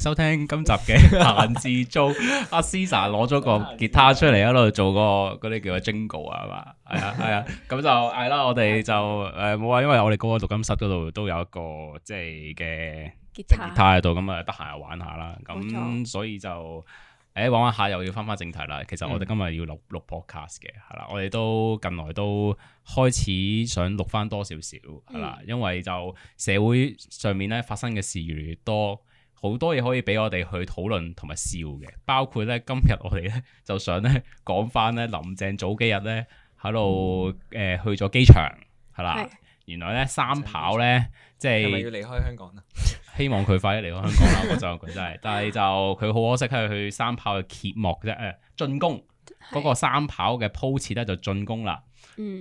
收聽今集嘅閒置租，阿 Caesar 攞咗個吉他出嚟，一路 做、那個嗰啲叫做 jingle 啊，係嘛，係啊，係啊，咁就係啦。我哋就誒冇啊，因為我哋嗰個錄音室嗰度都有一個即係嘅吉他喺度，咁啊得閒又玩下啦。咁錯所以就誒玩玩下，欸、晚晚又要翻翻正題啦。其實我哋今日要錄錄 podcast 嘅係啦，我哋都近來都開始想錄翻多少少係啦、啊，因為就社會上面咧發生嘅事越嚟越多。好多嘢可以俾我哋去討論同埋笑嘅，包括咧今日我哋咧就想咧講翻咧林鄭早幾日咧喺度誒去咗機場係啦，oh. 吧 ister, 原來咧三跑咧即係要離開香港啦，希望佢快啲離開香港啦，我 就佢真係， 但係就佢好可惜，係去三跑嘅揭幕啫，進攻嗰ん個三跑嘅鋪設咧就進攻啦，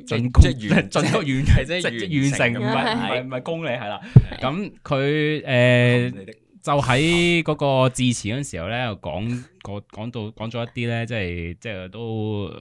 進攻完即係完成唔係唔係公里係啦，咁佢誒。就喺嗰個致辭嗰陣時候咧，又講講講到講咗一啲咧，即係即係都誒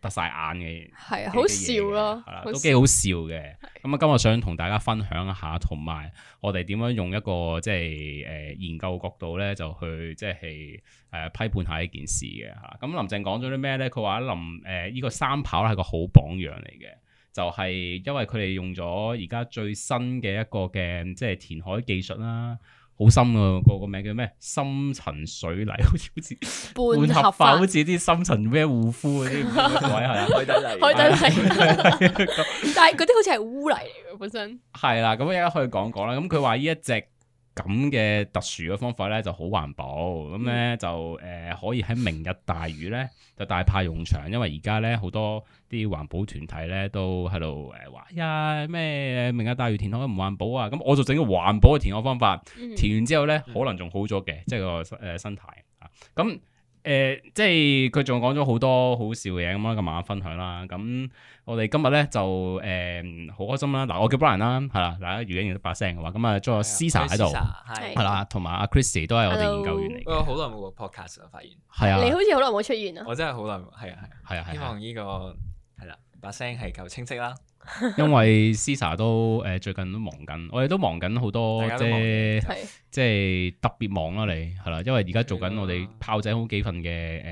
突晒眼嘅，係啊 的，好笑咯，都幾好笑嘅。咁啊、 嗯，今日想同大家分享一下，同埋我哋點樣用一個即係誒、呃、研究角度咧，就去即係誒、呃、批判下呢件事嘅吓。咁、嗯、林鄭講咗啲咩咧？佢話林誒呢、呃這個三跑係個好榜樣嚟嘅，就係、是、因為佢哋用咗而家最新嘅一個嘅即係填海技術啦。好深啊，個、那個名叫咩？深層水泥，好似好似半合法，合法好似啲深層咩護膚嗰啲位係啊，海底泥，海底泥。但係嗰啲好似係污泥嚟嘅本身。係啦，咁而家可以講講啦。咁佢話呢一隻。咁嘅特殊嘅方法咧就好環保，咁咧就誒、呃、可以喺明日大嶼咧就大派用場，因為而家咧好多啲環保團體咧都喺度 l 誒話呀咩明日大嶼填海唔環保啊，咁我就整個環保嘅填海方法，填完之後咧可能仲好咗嘅，即係 個誒生態啊，咁。誒、呃，即係佢仲講咗好多好笑嘅嘢咁啦，咁慢慢分享啦。咁我哋今日咧就誒好、呃、開心啦。嗱，我叫 Brian 啦，係啦，嗱，大家如果認得把聲嘅話，咁啊，仲有 Caesar 喺度，係啦，同埋阿 Kristy 都係我哋研究員嚟嘅 Hello、欸。我好耐冇播 Podcast 啦，發現係啊，的你好似好耐冇出現啊。我真係好耐，係啊係啊係啊，希望呢、這個。把聲係夠清晰啦，因為 Caesar 都誒最近都忙緊，我哋都忙緊好多即係即係特別忙啦，你係啦，因為而家做緊我哋炮仔好幾份嘅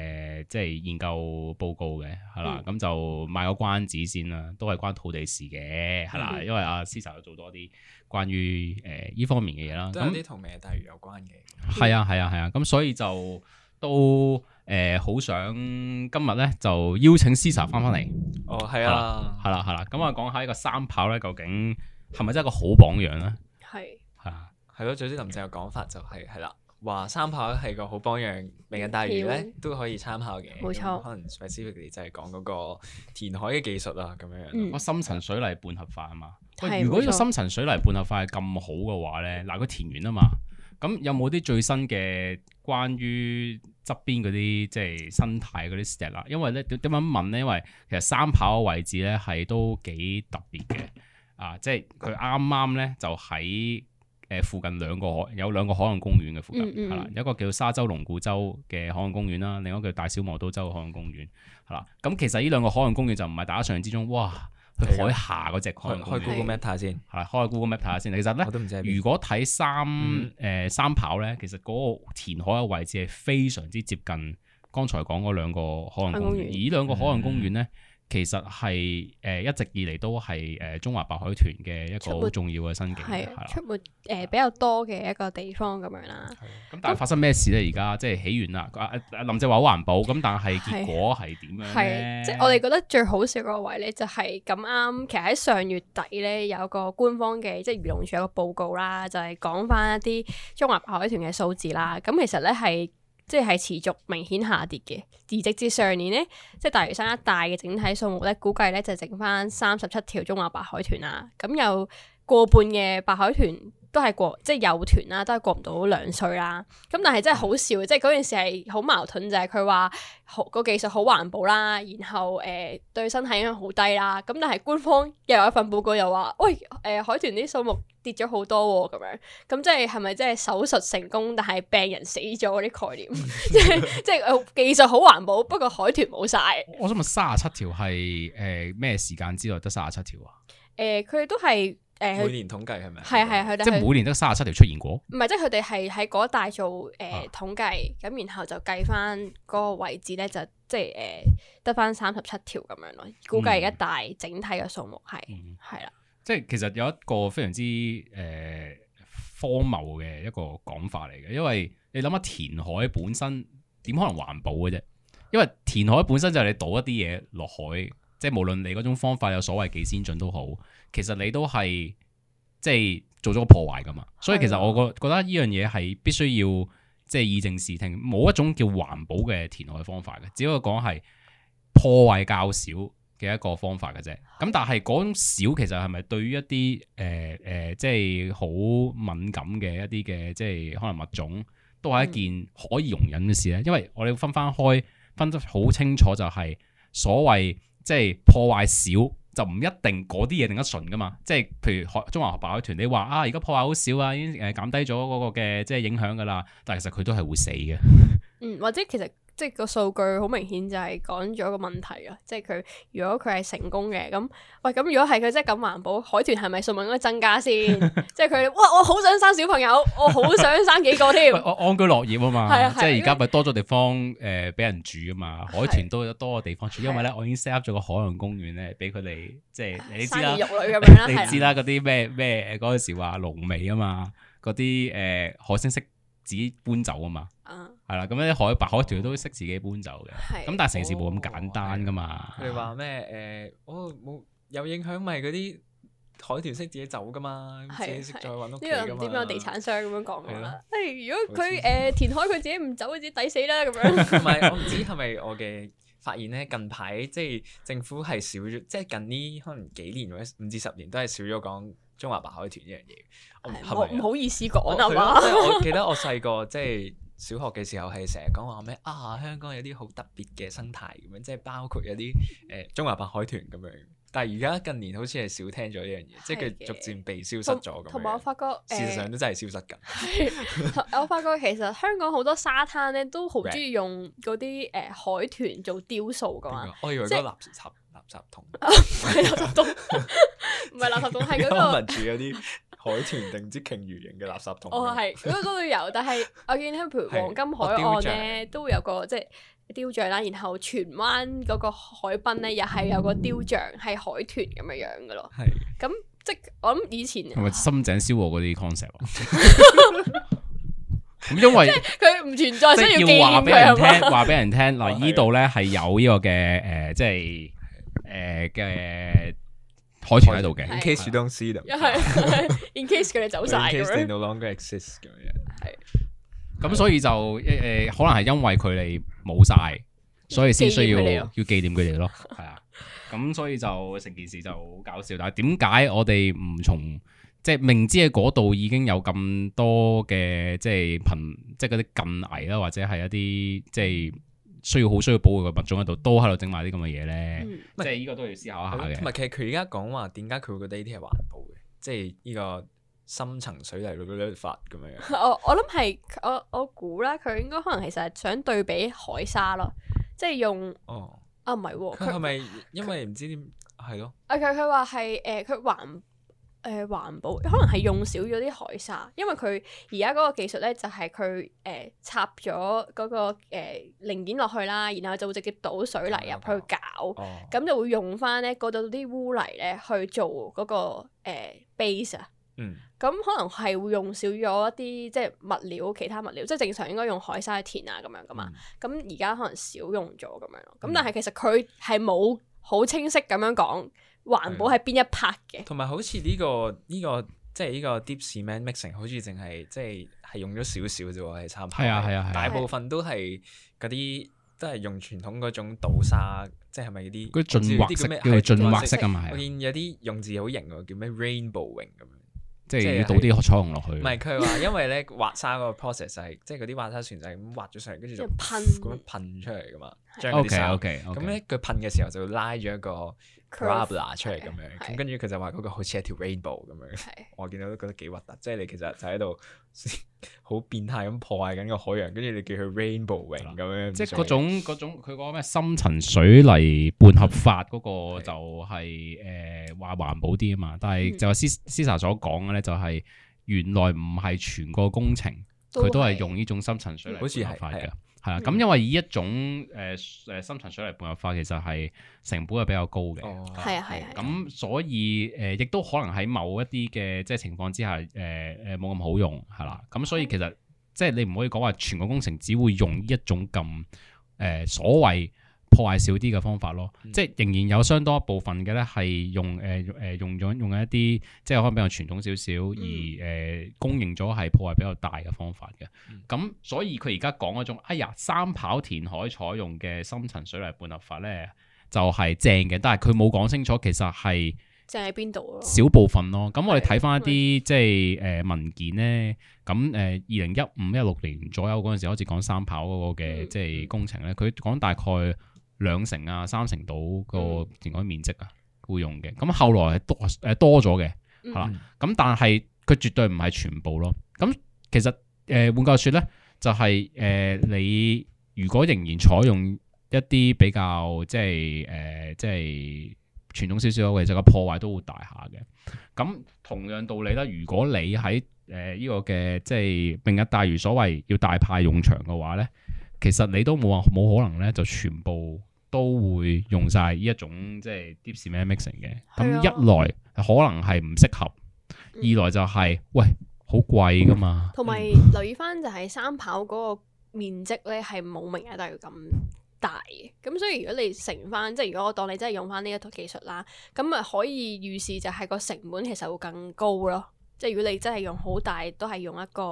誒即係研究報告嘅係啦，咁、嗯、就賣個關子先啦，都係關土地事嘅係啦，嗯、因為阿 Caesar 做多啲關於誒依方面嘅嘢啦，都啲同明日大嶼有關嘅，係啊係啊係啊，咁 所以就都。誒，好、呃、想今日咧就邀請 Caesar 翻翻嚟。哦，係啊，係啦，係啦。咁我講下呢個三跑咧，究竟係咪真係個好榜樣咧？係係是啊，係咯。總之林鄭嘅講法就係係啦，話三跑係個好榜樣，明日大嶼咧的都可以參考嘅。冇錯錯，可能 specifically 就係講嗰個填海嘅技術啊，咁樣樣。我、嗯、深層水泥拌合法啊嘛。的喂，如果個深層水泥拌合法係咁好嘅話咧，嗱，個填完啊嘛。咁有冇啲最新嘅關於側邊嗰啲即係生態嗰啲事啊？因為咧點點樣問咧？因為其實三跑嘅位置咧係都幾特別嘅啊！即係佢啱啱咧就喺誒附近兩個海，有兩個海岸公園嘅附近係啦，有、嗯嗯、一個叫沙洲龍鼓洲嘅海岸公園啦，另一個叫大小磨刀洲海岸公園係啦。咁、嗯嗯、其實呢兩個海岸公園就唔係大家想象之中哇～去海下嗰隻海，開 Google Map 睇下先，係啦，開 Google Map 睇下先。其實咧，如果睇三誒、呃、三跑咧，其實嗰個填海嘅位置係非常之接近剛才講嗰兩個海洋公園，而、嗯、兩個海洋公園咧。嗯其實係誒、呃、一直以嚟都係誒、呃、中華白海豚嘅一個好重要嘅生境，係出沒誒、啊呃、比較多嘅一個地方咁樣啦。咁但係發生咩事咧？而家即係起完啦、啊。林鄭話環保，咁但係結果係點樣咧？即係我哋覺得最好笑嗰位咧，就係咁啱。其實喺上月底咧，有個官方嘅即係漁農署有個報告啦，就係、是、講翻一啲中華白海豚嘅數字啦。咁其實咧係，即係持續明顯下跌嘅，而直至上年咧，即係大嶼山一帶嘅整體數目咧，估計咧就是、剩翻三十七條中華白海豚啦。咁、嗯、有過半嘅白海豚都係過，即係幼豚啦，都係過唔到兩歲啦。咁、嗯、但係真係好笑，即係嗰件事係好矛盾就係佢話好個技術好環保啦，然後誒、呃、對身體影響好低啦。咁、嗯、但係官方又有一份報告又話，喂，誒、呃、海豚啲數目。跌咗好多咁、啊、樣，咁即係係咪即係手術成功但係病人死咗啲概念？即係即係技術好環保，不過海豚冇晒。我想問三十七條係誒咩時間之內得三十七條啊？誒、呃，佢都係誒、呃、每年統計係咪？係係係，即係每年得三十七條出現過？唔係，即係佢哋係喺嗰一帶做誒、呃、統計，咁然後就計翻嗰個位置咧，就即係誒得翻三十七條咁樣咯。估計一大、嗯、整體嘅數目係係啦。即係其實有一個非常之誒、呃、荒謬嘅一個講法嚟嘅，因為你諗下填海本身點可能環保嘅啫？因為填海本身就係你倒一啲嘢落海，即係無論你嗰種方法有所謂幾先進都好，其實你都係即係做咗個破壞噶嘛。的所以其實我覺得覺得呢樣嘢係必須要即係以正視聽，冇一種叫環保嘅填海方法嘅，只不過講係破壞較少。嘅一個方法嘅啫，咁但係嗰種少其實係咪對於一啲誒誒，即係好敏感嘅一啲嘅，即係可能物種都係一件可以容忍嘅事咧。嗯、因為我哋要分翻開分得好清楚就，就係所謂即係破壞少就唔一定嗰啲嘢頂得順噶嘛。即係譬如海中華白海豚，你話啊，而家破壞好少啊，已經誒減低咗嗰個嘅即係影響噶啦。但其實佢都係會死嘅。嗯，或者其實。即係個數據好明顯就係講咗個問題啊！即係佢如果佢係成功嘅咁，喂咁如果係佢真係咁環保，海豚係咪數目應該增加先？ 即係佢哇！我好想生小朋友，我好想生幾個添。安安居樂業啊嘛，即係而家咪多咗地方誒俾、呃、人住啊嘛。海豚都多咗多個地方住，因為咧我已經 set 咗個海洋公園咧俾佢哋，即係你知啦， 你知啦嗰啲咩咩嗰陣時話龍尾啊嘛，嗰啲誒海星式自己搬走啊嘛。啊，係啦，咁樣海白海豚都識自己搬走嘅，咁但係城市冇咁簡單噶嘛。你話咩？誒，哦，冇有影響咪嗰啲海豚識自己走噶嘛，自己再揾屋企噶嘛。呢樣點有地產商咁樣講啦。誒，如果佢誒填海佢自己唔走，佢自己抵死啦咁樣。唔係，我唔知係咪我嘅發現咧？近排即係政府係少咗，即係近呢可能幾年或者五至十年都係少咗講中華白海豚呢樣嘢。我唔好意思講啊嘛。我記得我細個即係。小學嘅時候係成日講話咩啊，香港有啲好特別嘅生態咁樣，即係包括有啲誒中華白海豚咁樣。但係而家近年好似係少聽咗呢樣嘢，即係佢逐漸被消失咗咁。同埋我發覺，事實上都真係消失緊。我發覺其實香港好多沙灘咧，都好中意用嗰啲誒海豚做雕塑噶嘛。我以為嗰個垃圾垃圾桶，垃圾桶唔係垃圾桶，係嗰個民住嗰啲。海豚定之鯨魚形嘅垃圾桶，哦係，咁樣嗰度有，但係我見咧，譬如黃金海岸咧，都會有個即係雕像啦，然後荃灣嗰個海濱咧，又係有個雕像係、like、海豚咁樣樣嘅咯。係的，咁即係我諗以前，係咪深井燒鵝嗰啲 concept？咁因為佢唔存在，所以要話俾人聽，話俾人聽。嗱，依度咧係有呢個嘅，誒，即係誒嘅。wissen services 海船喺度嘅，in case you don't see them，又係，in case 佢哋走晒，in case they no longer exist 咁樣。係，咁所以就誒，可能係因為佢哋冇晒，所以先需要要紀念佢哋咯。係啊，咁所以就成件事就好搞笑。但係點解我哋唔從即係明知喺嗰度已經有咁多嘅即係瀕，即係嗰啲近危啦，或者係一啲即係。需要好需要保護嘅物種喺度，都喺度整埋啲咁嘅嘢咧，嗯、即係呢個都要思考一下嘅。唔係、嗯，其實佢而家講話點解佢會覺得呢啲係環保嘅，即係呢個深層水泥嗰啲發咁樣。我我諗係我我估啦，佢應該可能其實係想對比海沙咯，即係用哦啊唔係，佢係咪因為唔知點係咯？他了啊佢佢話係誒，佢環。誒、呃、環保可能係用少咗啲海砂，嗯、因為佢而家嗰個技術咧就係佢誒插咗嗰、嗰個、呃、零件落去啦，然後就會直接倒水泥入去搞，咁、哦、就會用返咧嗰度啲污泥咧去做嗰、嗰個、呃、base 啊。咁、嗯、可能係會用少咗一啲即係物料，其他物料即係正常應該用海砂填啊咁樣噶嘛。咁而家可能少用咗咁樣囉，咁、嗯、但係其實佢係冇好清晰咁樣講。環保係邊一 part 嘅？同埋好似呢個呢個即係呢個 deep cement mixing，好似淨係即係係用咗少少啫喎，係差唔多。係啊係啊係。大部分都係嗰啲都係用傳統嗰種倒沙，即係咪啲嗰啲進化式叫進化式啊嘛？我見有啲用字好型喎，叫咩 rainbowing 咁樣，即係倒啲彩虹落去。唔係佢話，因為咧挖沙嗰個 process 係，即係嗰啲挖沙船就係咁挖咗上嚟，跟住就噴咁樣噴出嚟噶嘛。O K O K。咁咧佢噴嘅時候就拉咗一個。grab 出嚟咁樣，咁跟住佢就話嗰個好似一條 rainbow 咁樣，我見到都覺得幾核突，即係你其實就喺度好變態咁破壞緊個海洋，跟住你叫佢 rainbowing 咁樣，即係嗰種嗰種佢講咩深層水泥拌合法嗰個就係誒話環保啲啊嘛，但係就係 Caesar 所講嘅咧就係原來唔係全個工程佢都係用呢種深層水泥，好似合法嘅。啊，咁、嗯、因為以一種誒誒深層水泥半入化，其實係成本係比較高嘅。哦，係、嗯、啊，係係。咁所以誒、呃，亦都可能喺某一啲嘅即係情況之下，誒誒冇咁好用，係啦、啊。咁、啊、所以其實即係、就是、你唔可以講話全個工程只會用一種咁誒、呃、所謂，破壞少啲嘅方法咯，嗯、即係仍然有相當一部分嘅咧，係、呃、用誒誒用咗用一啲即係可能比較傳統少少，嗯、而誒公認咗係破壞比較大嘅方法嘅。咁、嗯、所以佢而家講嗰種一日、哎、三跑填海採用嘅深層水泥拌合法」咧，就係、是、正嘅。但係佢冇講清楚，其實係正喺邊度？小部分咯。咁我哋睇返一啲的、嗯、即係誒、呃、文件咧，咁誒二零一五一六年左右嗰陣時開始講,講三跑嗰、那個嘅即係工程咧，佢、嗯嗯、講大概。兩成啊，三成到個填海面積啊，會用嘅。咁、嗯、後來係多誒多咗嘅，係啦。咁但係佢絕對唔係全部咯。咁、嗯、其實誒、呃、換句説咧，就係、是、誒、呃、你如果仍然採用一啲比較即係誒、呃、即係傳統少少嘅，其實個破壞都會大下嘅。咁、嗯、同樣道理啦，如果你喺誒呢個嘅即係明日大嶼所謂要大派用場嘅話咧。其實你都冇話冇可能咧，就全部都會用晒呢一種即係 deep cement mixing 嘅。咁的一來可能係唔適合，嗯、二來就係、是、喂好貴噶嘛。同埋、嗯、留意翻就係三跑嗰個面積咧，係冇明日大嶼咁大嘅。咁所以如果你乘翻，即係如果我當你真係用翻呢一套技術啦，咁啊可以預示就係個成本其實會更高咯。即係如果你真係用好大，都係用一個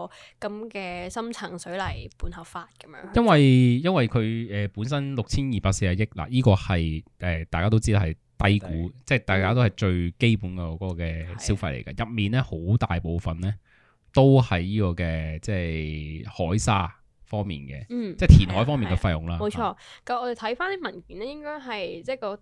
咁嘅深層水泥拌合法咁樣因。因為因為佢誒本身六千二百四十億嗱，呢、這個係誒、呃、大家都知係低估，的即係大家都係最基本嘅嗰個嘅消費嚟嘅。入的面咧好大部分咧都係呢個嘅即係海砂方面嘅，嗯、即係填海方面嘅費用啦。冇錯，咁、嗯、我哋睇翻啲文件咧，應該係即係個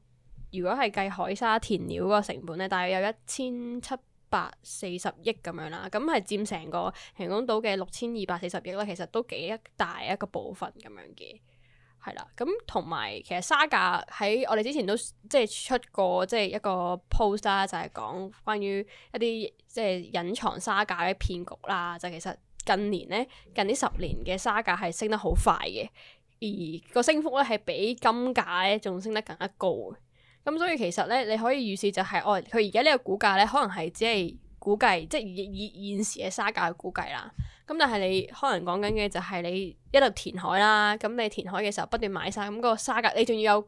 如果係計海砂填料嗰個成本咧，大約有一千七百四十億咁樣啦，咁係佔成個人工島嘅六千二百四十億啦，其實都幾一大一個部分咁樣嘅，係啦。咁同埋，其實沙價喺我哋之前都即係出過即係一個 post 啦、啊，就係、是，講關於一啲即係隱藏沙價嘅騙局啦。就是、其實近年咧，近呢十年嘅沙價係升得好快嘅，而個升幅咧係比金價咧仲升得更加高。咁所以其實咧，你可以預示就係、是，哦，佢而家呢個估價咧，可能係只係估計，即係以，以現時嘅沙價去估計啦。咁但係你可能講緊嘅就係你一路填海啦，咁你填海嘅時候不斷買晒，咁嗰個沙價，你仲要有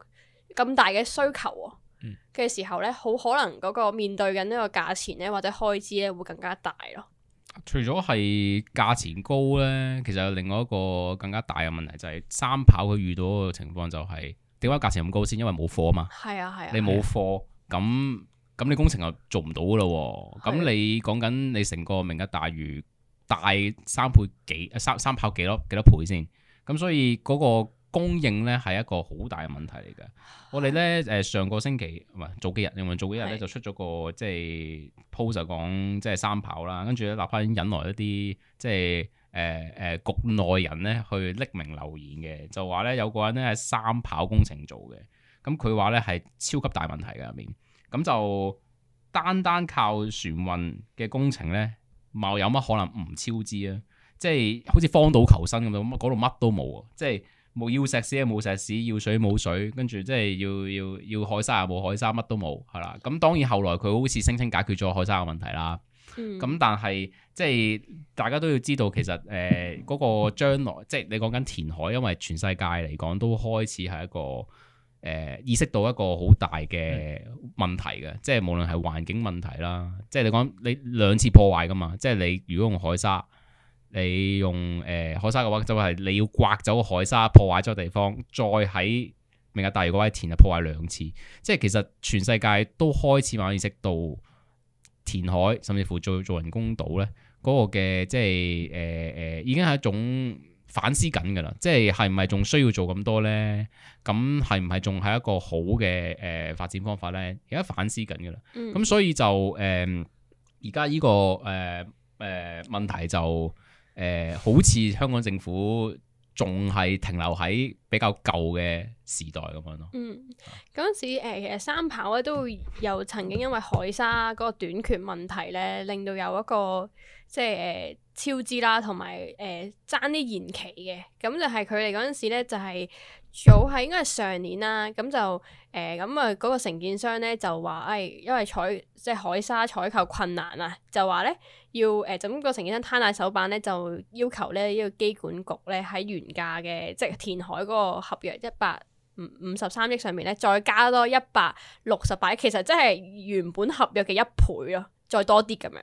咁大嘅需求嘅、哦嗯、時候咧，好可能嗰個面對緊呢個價錢咧，或者開支咧，會更加大咯。除咗係價錢高咧，其實有另外一個更加大嘅問題就係三跑佢遇到個情況就係、是。點解價錢咁高先？因為冇貨啊嘛。係啊係啊。啊啊你冇貨，咁咁你工程又做唔到噶咯？咁、啊、你講緊你成個明日大嶼大三倍幾，三三跑幾多幾多倍先？咁所以嗰個供應咧係一個好大嘅問題嚟嘅。啊、我哋咧誒上個星期唔係早幾日，因為早幾日咧、啊、就出咗個即係 post 就講即係三跑啦，跟住咧立返引來一啲即係。誒誒、呃，局內人咧去匿名留言嘅，就話咧有個人咧係三跑工程做嘅，咁佢話咧係超級大問題嘅入面，咁就單單靠船運嘅工程咧，冇有乜可能唔超支啊！即係好似荒島求生咁樣，嗰度乜都冇，啊，即係要石屎又冇石屎，要水冇水，跟住即係要要要海沙又冇海沙，乜都冇係啦。咁當然後來佢好似聲稱解決咗海沙嘅問題啦。咁、嗯、但係即係大家都要知道，其實誒嗰、呃那個將來即係你講緊填海，因為全世界嚟講都開始係一個誒、呃、意識到一個好大嘅問題嘅，嗯、即係無論係環境問題啦，即係你講你兩次破壞噶嘛，即係你如果用海沙，你用誒、呃、海沙嘅話，就係、是、你要刮走個海沙破壞咗地方，再喺明日大嶼嗰位填啊破壞兩次，即係其實全世界都開始慢慢意識到。填海，甚至乎做做人工島咧，嗰、那個嘅即係誒誒，已經係一種反思緊噶啦。即係係唔係仲需要做咁多咧？咁係唔係仲係一個好嘅誒發展方法咧？而家反思緊噶啦。咁、嗯、所以就誒，而家呢個誒誒、呃、問題就誒、呃，好似香港政府。仲係停留喺比較舊嘅時代咁樣咯。嗯，嗰陣、嗯、時其實、呃、三跑咧都又曾經因為海砂嗰個短缺問題咧，令到有一個即係誒、呃、超支啦，同埋誒爭啲延期嘅。咁就係佢哋嗰陣時咧就係。早係應該係上年啦，咁就誒咁啊嗰個承建商咧就話，誒、哎、因為採即係海沙採購困難啊，就話咧要誒、呃、就個承建商攤大手板咧，就要求咧呢、這個機管局咧喺原價嘅即係填海嗰個合約一百五十三億上面咧再加多一百六十八億，其實即係原本合約嘅一倍咯，再多啲咁樣。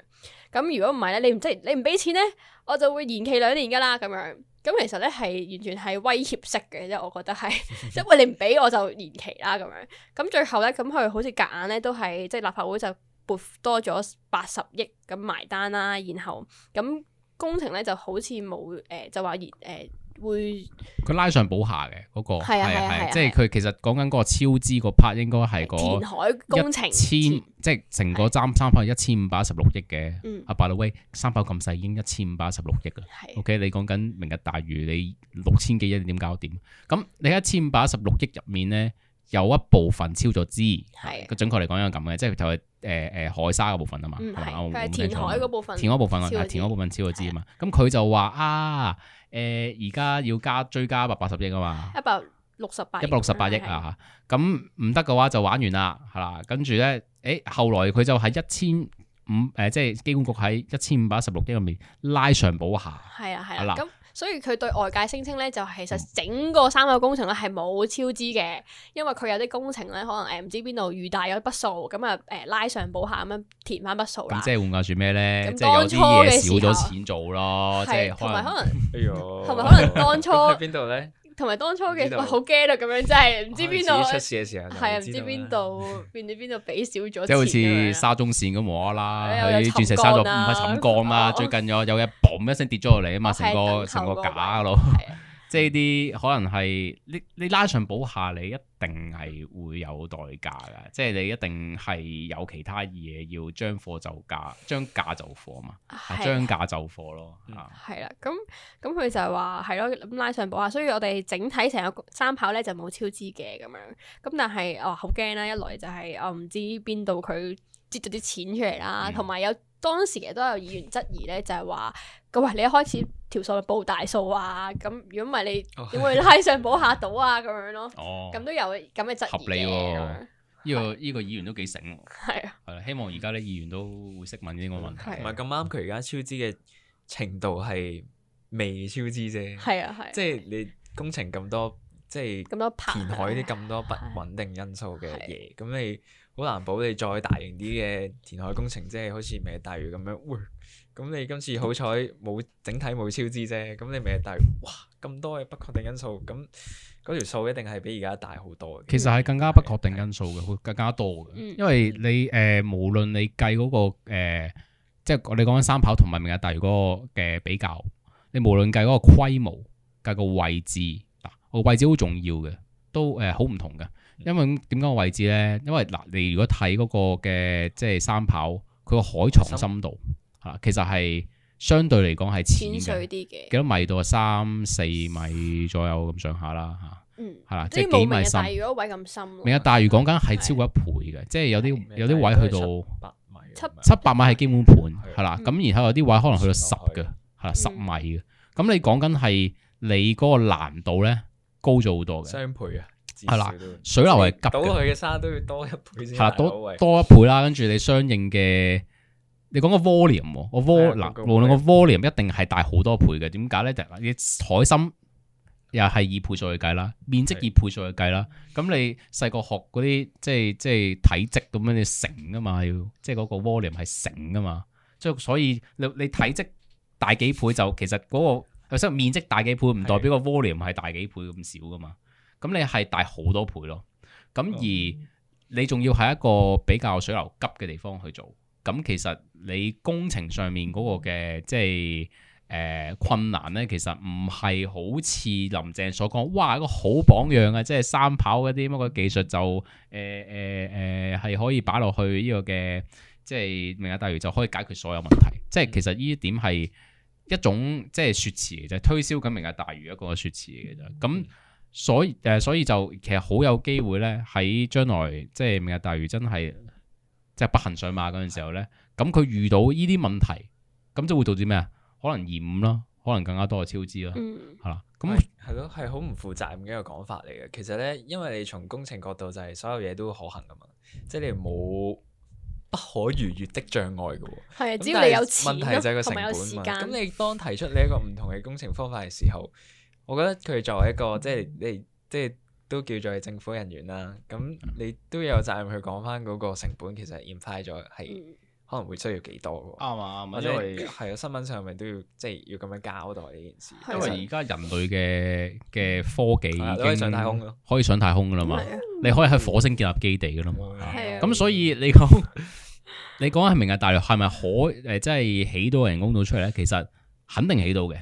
咁如果唔係咧，你唔即係你唔俾錢咧，我就會延期兩年噶啦，咁樣。咁其實咧係完全係威脅式嘅即係，我覺得係即係喂，你唔俾我就延期啦咁樣。咁最後咧咁佢好似夾硬咧都係即係，立法會就撥多咗八十億咁埋單啦，然後咁工程咧就好似冇誒，就話延誒。呃會佢拉上補下嘅嗰個係啊係啊，即係佢其實講緊嗰個超支個 part 應該係個填海工程千 1, 000, 天即係成個三三跑一千五百一十六億嘅。嗯，阿 by the way 三跑咁細已經一千五百一十六億嘅。係的，OK，你講緊明日大嶼你六千幾億點搞掂？咁你一千五百一十六億入面咧？有一部分超咗資，個是的 準確嚟講應該咁嘅，即係就係誒誒海沙嘅部分啊嘛，係咪填海嗰部分，填是、啊、海部分填海部分超咗資啊嘛。咁佢是的、嗯嗯、就話啊，誒而家要加追加一百八十億啊嘛，一百六十八億，一百六十八億啊。咁唔得嘅話就玩完啦，係啦。跟住咧，誒、欸、後來佢就喺一千五，誒即係機管局喺一千五百一十六億入面拉上補下，係啊係啦。所以佢對外界聲稱咧，就係、其實整個三個工程咧係冇超支嘅，因為佢有啲工程咧可能誒唔知邊度預大有筆數，咁啊誒拉上補下咁樣填返筆數啦。嗯、即係換句話說咩咧？咁當初少咗錢做咯，嗯、是即係可能可能誒、哎、呦，同埋 可能當初邊度咧？同埋當初嘅好驚啊，咁道樣真係唔知邊度，係啊是，唔知邊度 變咗邊度俾少咗，即係好似沙中線咁無啦啦，啲、 哎、呦鑽石山度，唔係沉降嘛、啊。啊哦、最近有有嘢嘣一聲跌咗落嚟啊嘛，成個成個架。咯。呢啲可能係你你拉上補下，你一定係會有代價㗎。即係你一定係有其他嘢要將貨就價，將價就貨嘛，將價、啊啊、就貨咯。係啦、嗯，咁咁佢就話係咯，咁、啊、拉上補下，所以我哋整體成個三跑咧就冇超支嘅咁樣。咁但係我好驚啦，一來就係我唔知邊度佢擠咗啲錢出嚟啦，同埋有。當時其實都有議員質疑咧，就係話：咁喂，你一開始條數報大數啊？咁如果唔係你點會拉上補下賭啊？咁、 哦、樣咯，咁都有咁嘅質疑。合理喎，依樣個依 個議員都幾醒。係啊是，係啦，希望而家咧議員都會識問呢個問題。同埋咁啱，佢而家超支嘅程度係未超支啫。係啊，係，即係你工程咁多，即係咁多填海啲咁多不穩定因素嘅嘢，咁你。 好難保你再大型啲嘅填海工程，即係好似明日大嶼咁樣，咁你今次好彩冇整體冇超支啫。咁你明日大嶼哇咁多嘅不確定因素，咁嗰條數一定係比而家大好多。其實係更加不確定因素嘅，嗯、會更加多嘅。因為你誒、呃，無論你計嗰、嗰個誒、呃，即係我你講緊三跑同埋明日大嶼嗰個嘅比較，你無論計嗰個規模、計個位置，嗱個位置好重要嘅，都誒好唔同嘅。因為點解個位置咧？因為嗱，你如果睇嗰個嘅即係三跑，佢個海床深度吓，其實係相對嚟講係淺水啲嘅，幾多米到啊？三四米左右咁上下啦吓，嗯，係啦，即係幾米深。如果位咁深，明日大嶼，但係如果講緊係超過一倍嘅，即係有啲有啲位去到七百米，七百米係基本盤，係啦。咁然後有啲位可能去到十嘅，係啦，十米嘅。咁你講緊係你嗰個難度咧高咗好多嘅，雙倍啊！係啦，了水流係急到佢嘅沙都要多一倍先。係啦，多多一倍啦，跟住 你相應嘅，你講 vol,、哎、呦個 volume，我 volume 嗱，無論個 volume 一定係大好多倍嘅。點解咧？就嗱，你海深又係以倍數去計啦，面積以倍數去計啦。咁是的 你細個學嗰啲，即係即係體積咁樣嘅乘啊嘛，要即係嗰個 volume 係乘啊嘛。即係所以你你體積大幾倍就其實嗰、那個，其實面積大幾倍唔代表個 volume 係大幾倍咁少噶嘛。咁你係大好多倍咯，咁而你仲要喺一個比較水流急嘅地方去做，咁其實你工程上面嗰個嘅即係誒困難咧，其實唔係好似林鄭所講，哇一個好榜樣啊，即係三跑一啲乜嘅技術就誒誒誒係可以擺落去呢個嘅，即係明日大嶼就可以解決所有問題，嗯、即係其實呢一點係一種即係說辭嚟嘅，就係、推銷緊明日大嶼一個說辭嚟嘅啫，咁、嗯。嗯所以，誒，所以就其實好有機會咧，喺將來，即係明日大嶼真係即係不幸上馬嗰陣時候咧，咁佢、嗯、遇到呢啲問題，咁就會導致咩啊？可能延誤咯，可能更加多嘅超支咯，係啦、嗯。咁係咯，係好唔負責任嘅一個講法嚟嘅。其實咧，因為你從工程角度就係所有嘢都可行噶嘛，即係你冇不可逾越的障礙嘅喎。係、嗯嗯，只要你有錢啦，問題就係成本。咁你當提出你一個唔同嘅工程方法嘅時候。我覺得佢作為一個即係你即係都叫做政府人員啦，咁你都有責任去講翻嗰個成本，其實 imply 咗係可能會需要幾多噶。啱啊、嗯，因、嗯、者係啊，嗯、對新聞上面都要即係要咁樣交代呢件事。因為而家人類嘅嘅、嗯、科技已經可以上太空噶，可以上太空噶啦、嗯嗯、嘛。啊、你可以喺火星建立基地噶啦。咁、啊啊、所以你講 你講係明日大嶼係咪可誒，即係起到人工島出嚟咧？其實肯定起到嘅。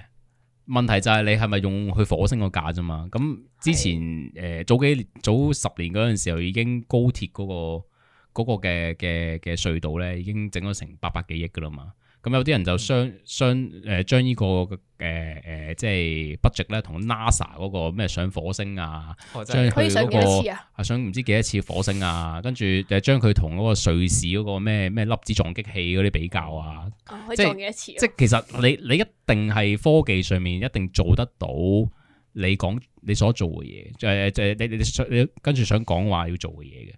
問題就係你係咪用去火星個價啫嘛？咁之前誒的、呃、早幾年早十年嗰陣時候已經高鐵嗰、個嗰、個嘅嘅嘅隧道咧已經整咗成八百幾億噶啦嘛。咁、嗯、有啲人就相相誒、呃、將、這個呃、呢個誒誒即係 budget 咧同 NASA 嗰個咩上火星啊，將佢嗰個係、啊、上唔知幾多次火星啊，跟住誒將佢同嗰個瑞士嗰個咩咩粒子撞擊器嗰啲比較啊，哦、撞幾多次啊，即係即係其實你你一定係科技上面一定做得到你講你所做嘅嘢，誒、即係、誒、即係、你你，你跟住想講話要做嘅嘢嘅，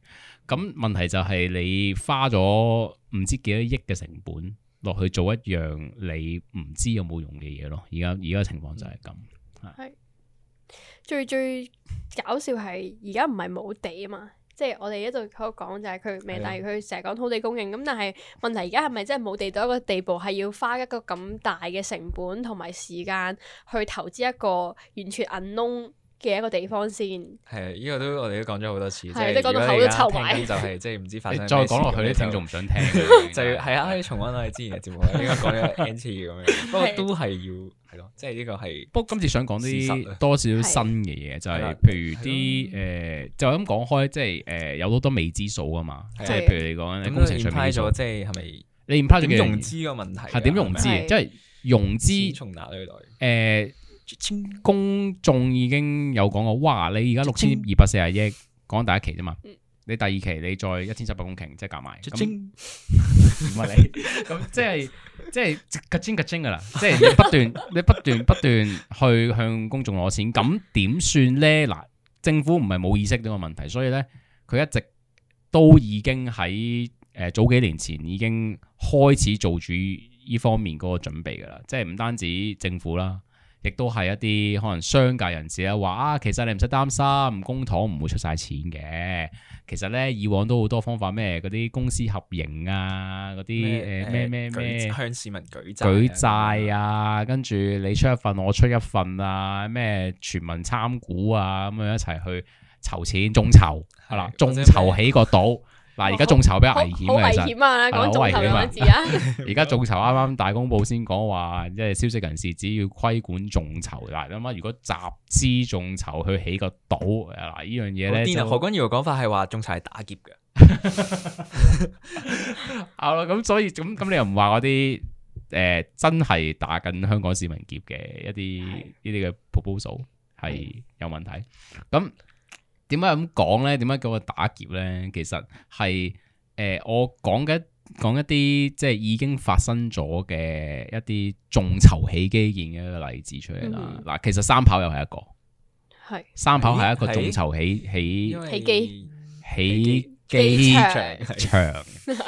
咁問題就係你花咗唔知幾多億嘅成本。落去做一樣你唔知有冇用嘅嘢咯，而家而家情況就係咁。係最最搞笑係而家唔係冇地啊嘛，即係我哋一直喺度講就係佢未，但係佢成日講土地供應咁，的但係問題而家係咪真係冇地到一個地步，係要花一個咁大嘅成本同埋時間去投資一個完全銀窿？嘅一個地方先，係呢個都我哋都講咗好多次，係即係講到口都臭埋。就係即係唔知發生。再講落去啲聽眾唔想聽，就係係啊，重溫啊，之前嘅節目你依家講咗 n 次咁樣，不過都係要係咯，即係呢個係。不過今次想講啲多少新嘅嘢，就係譬如啲誒，就咁講開，即係誒有好多未知數啊嘛。即係譬如你講工程上，你顛沛咗，即係係咪？你唔沛咗嘅融資嘅問題係點融資？即係融資從哪裏來？誒。公眾已經有講過，哇！你 6, 而家六千二百四十億講第一期啫嘛，你第二期你再一千七百公頃，即係夾埋，唔係你咁即係即係夾錢夾錢噶啦即係不斷你不斷 不斷去向公眾攞錢，咁點算咧？嗱，政府唔係冇意識呢個問題，所以咧佢一直都已經喺誒、呃、早幾年前已經開始做住呢方面個準備噶啦即係唔單止政府啦。亦都係一啲可能商界人士啦，話啊，其實你唔使擔心，公帑唔會出晒錢嘅。其實呢，以往都好多方法，咩嗰啲公司合營啊，嗰啲誒咩咩咩向市民舉債、啊、舉債啊，跟住你出一份，我出一份啊，咩全民參股啊，咁樣一齊去籌錢眾籌係啦，眾、嗯、籌起個島。 嗱，而家眾籌比較危險險啊！講眾字啊，而家眾籌啱啱大公報先講話，即係消息人士只要規管眾籌，嗱咁啊，如果集資眾籌去起個島，嗱呢樣嘢咧，何君堯嘅講法係話眾籌係打劫嘅。好啦，咁所以咁咁，你又唔話嗰啲誒真係打緊香港市民劫嘅一啲呢啲嘅 proposal 係有問題咁。點解咁講呢？點解叫我打劫呢？其實係誒、呃，我講嘅講一啲即係已經發生咗嘅一啲眾籌起基建嘅例子出嚟啦。嗱、嗯，其實三跑又係一個係是三跑係一個眾籌起起起起。.機機場，場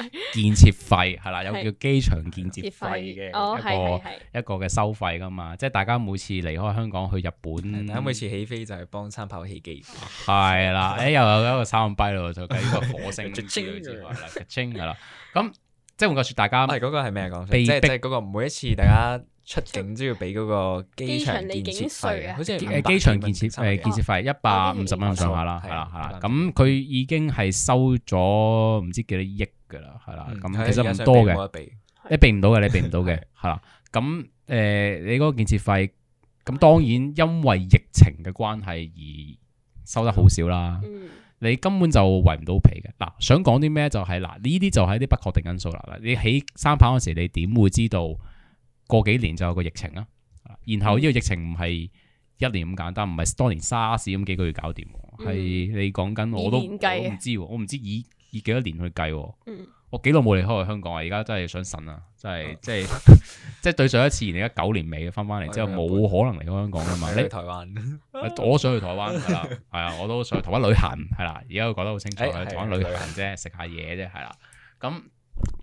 建設費係啦，有叫機場建設費嘅一個的一個嘅、嗯嗯、收費㗎嘛，即係大家每次離開香港去日本，咁每次起飛就係幫三跑起機，係、哦、啦，哎、呃、又有一個三蚊幣咯，嗯、就計個火星之之。咁即係換個說，大家嗰 個係咩講？即係即係個每一次大家。出境都要俾嗰個機場建設費，好似誒機場建設誒建設費一百五十蚊上下啦，係啦，係啦。咁佢已經係收咗唔知幾多億㗎啦，係啦。咁其實唔多嘅，你避唔到嘅，你避唔到嘅，係啦。咁誒，你嗰個建設費，咁當然因為疫情嘅關係而收得好少啦。你根本就圍唔到皮嘅。嗱，想講啲咩就係嗱，呢啲就係啲不確定因素啦。你起三跑嗰時，你點會知道？過幾年就有個疫情啦。然後呢個疫情唔係一年咁簡單，唔係當年沙士咁幾個月搞掂，係你講緊我都唔知，我唔知以以幾多年去計，嗯，我幾耐冇離開過香港啊，而家真係想神啊，真係即係即係對上一次二零一九年尾翻翻嚟之後，冇可能離開香港㗎嘛。你台灣，我想去台灣㗎喇，係啊，我都想去台灣旅行係啦，而家佢講得好清楚，去台灣旅行啫，食下嘢啫係啦，咁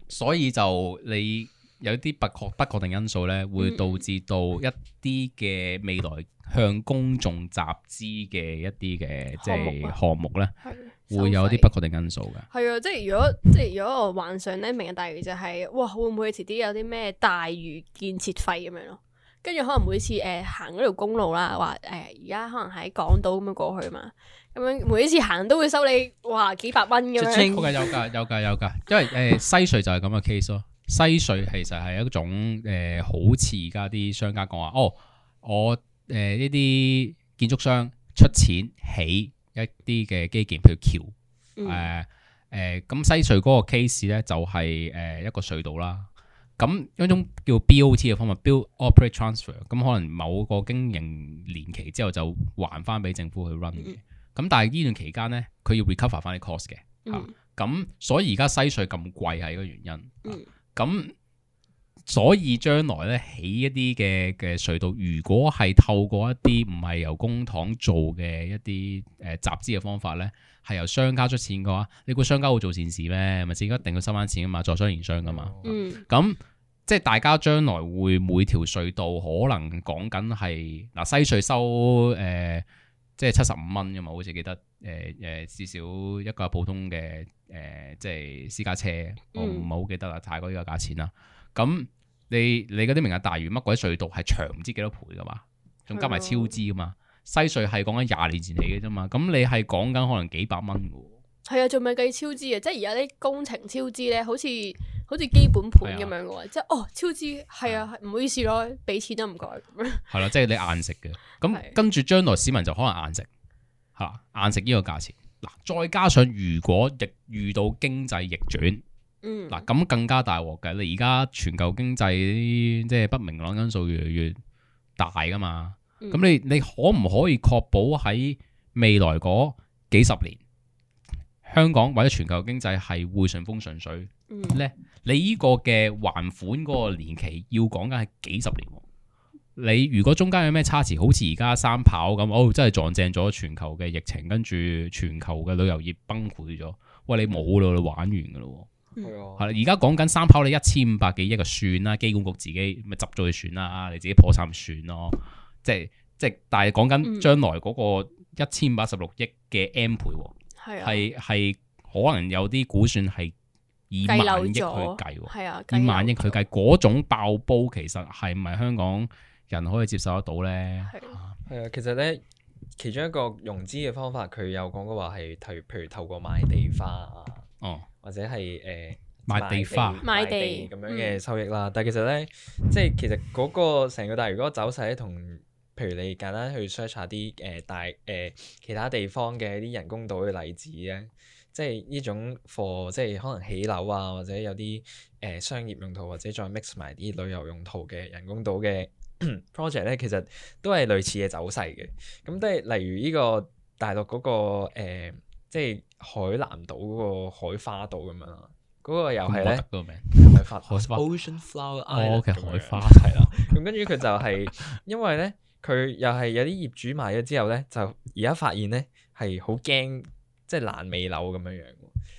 所以就你。有啲不確不確定因素咧，會導致到一啲嘅未來向公眾集資嘅一啲嘅即係項目咧、啊，目呢會有啲不確定因素嘅。係啊，即係如果即係如果我幻想咧、就是，明日大嶼就係哇，會唔會遲啲有啲咩大嶼建設費咁樣咯？跟住可能每次誒、呃、行嗰條公路啦，話誒而家可能喺港島咁樣過去嘛，咁樣每一次行都會收你哇幾百蚊咁樣。有㗎有㗎有㗎，因為誒、呃、西隧就係咁嘅 case 咯。西隧其實係一種誒、呃，好似而家啲商家講話，哦，我誒呢啲建築商出錢起一啲嘅基建，譬如橋，誒誒、嗯，咁、呃呃、西隧嗰個 case 咧就係誒一個隧道啦。咁一種叫 B O T 嘅方法，build operate transfer，咁可能某個經營年期之後就還翻俾政府去 run 嘅。咁、嗯、但係呢段期間咧，佢要 recover 翻啲 cost 嘅嚇。咁、嗯啊、所以而家西隧咁貴係一個原因。嗯咁所以將來咧起一啲嘅嘅隧道，如果係透過一啲唔係由公帑做嘅一啲誒、呃、集資嘅方法咧，係由商家出錢嘅話，你估商家會做善事咩？咪先一定要收翻錢嘅嘛，在商言商嘅嘛。咁、嗯、即係大家將來會每條隧道可能講緊係嗱西隧收誒。呃即係七十五蚊嘅嘛，好似記得誒誒，至、呃、少、呃、一個普通嘅誒、呃，即係私家車，嗯、我唔好記得啦，太高呢個價錢啦。咁你你嗰啲明日大嶼乜鬼隧道係長唔知幾多倍嘅嘛，仲加埋超支嘅嘛。嗯、西隧係講緊廿年前起嘅啫嘛，咁你係講緊可能幾百蚊嘅。係啊，仲未計超支啊！即係而家啲工程超支咧，好似好似基本盤咁樣嘅喎。的即係哦，超支係啊，唔的好意思咯，俾錢都唔夠咁樣。係啦，即係、就是、你硬食嘅。咁跟住將來市民就可能硬食，吓硬食呢個價錢。嗱，再加上如果亦遇到經濟逆轉，嗱咁、嗯、更加大鑊嘅。你而家全球經濟啲即係不明朗因素越嚟越大噶嘛。咁你、嗯、你可唔可以確保喺未來嗰幾十年？香港或者全球嘅經濟係會順風順水咧？你呢個嘅還款嗰個年期要講緊係幾十年喎？你如果中間有咩差池，好似而家三跑咁，哦，真係撞正咗全球嘅疫情，跟住全球嘅旅遊業崩潰咗，喂，你冇咯，你玩完噶咯，係係啦，而家講緊三跑你一千五百幾億就算啦，機管局自己咪執咗去算啦，你自己破產算咯，即係即係，但係講緊將來嗰個一千八十六億嘅 M 倍。係係，可能有啲估算係以計萬億去計，係啊，以萬億去計嗰種爆煲，其實係咪香港人可以接受得到咧？係啊，其實咧，其中一個融資嘅方法，佢有講過話係，譬如譬如透過賣地花啊，哦，或者係誒、呃、賣地花賣地咁地樣嘅收益啦。嗯、但係其實咧，即係其實嗰個成個大嶼嗰個走勢同。譬如你簡單去 search 下啲誒大誒其他地方嘅一啲人工島嘅例子咧，即係呢種貨，即係可能起樓啊，或者有啲誒、呃、商業用途，或者再 mix 埋啲旅遊用途嘅人工島嘅 project 咧，其實都係類似嘅走勢嘅。咁都係例如呢個大陸嗰、嗰個、呃、即係海南島嗰個海花島咁樣啦，嗰、嗰個又係咧嗰個名海花，Ocean Flower Island 嘅、哦 okay，海花、啊，係啦。咁跟住佢就係因為咧。佢又係有啲業主買咗之後咧，就而家發現咧係好驚，即係爛尾樓咁樣樣。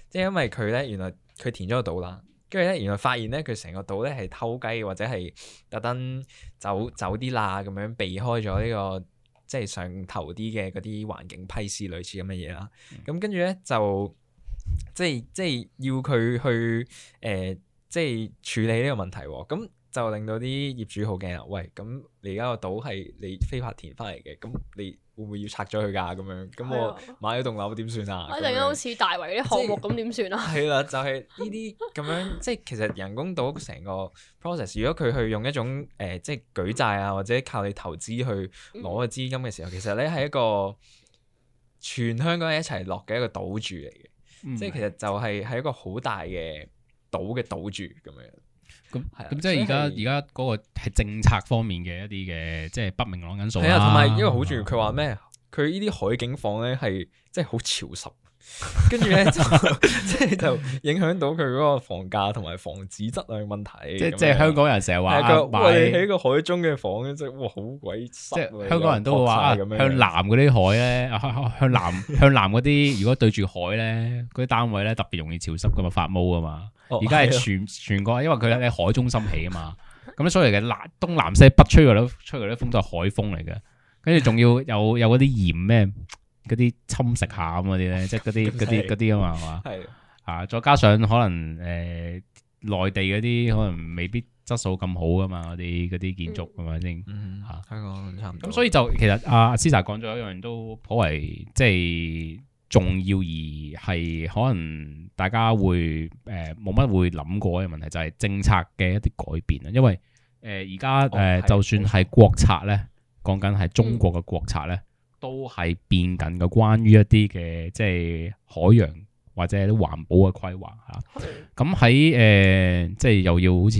即係因為佢咧原來佢填咗個島啦，跟住咧原來發現咧佢成個島咧係偷雞或者係特登走走啲罅咁樣避開咗呢、這個即係上頭啲嘅嗰啲環境批示類似咁嘅嘢啦。咁跟住咧就即係即係要佢去誒、呃、即係處理呢個問題喎。咁、嗯就令到啲業主好驚啊！喂，咁你而家個島係你非法填翻嚟嘅，咁你會唔會要拆咗佢噶？咁樣咁我買咗棟樓點算啊？哎、呦樣一陣間好似大圍啲項目咁點算啊？係啦、就係，就係呢啲咁樣， 即係其實人工島成個 process，如果佢去用一種誒、呃，即係舉債啊，或者靠你投資去攞個資金嘅時候，嗯、其實咧係一個全香港人一齊落嘅一個賭注嚟嘅，即係、嗯、其實就係係一個好大嘅賭嘅賭注咁樣。咁即係而家而家嗰個係政策方面嘅一啲嘅，即係不明朗因素啦。係啊，同埋因為好重要，佢話咩？佢呢啲海景房咧係即係好潮濕。跟住咧， 就即係就影響到佢嗰個房價同埋房子質量問題。即係即係香港人成日話，係起，啊、個海中嘅房咧，即係哇，好鬼濕。即係香港人都話向南嗰啲海咧，向南向南嗰啲，如果對住海咧，嗰啲單位咧特別容易潮濕，㗎嘛，發毛啊嘛。而家係全全國，因為佢喺海中心起啊嘛，咁，哦啊、所以嘅南東南西北吹佢都啲風都係海風嚟嘅。跟住仲要有有嗰啲鹽咩？嗰啲侵蝕下咁嗰啲咧，即係嗰啲嗰啲嗰啲啊嘛，係嘛，係啊，再加上可能誒內地嗰啲可能未必質素咁好噶嘛，嗰啲嗰啲建築係咪先嚇？香港差唔多，咁所以就其實阿 Caesar 講咗一樣都頗為即係重要而係可能大家會誒冇乜會諗過嘅問題，就係政策嘅一啲改變啊，因為誒而家誒就算係國策咧，講緊係中國嘅國策咧。都係變緊嘅，關於一啲嘅即係海洋或者啲環保嘅規劃嚇。咁喺誒，即係又要好似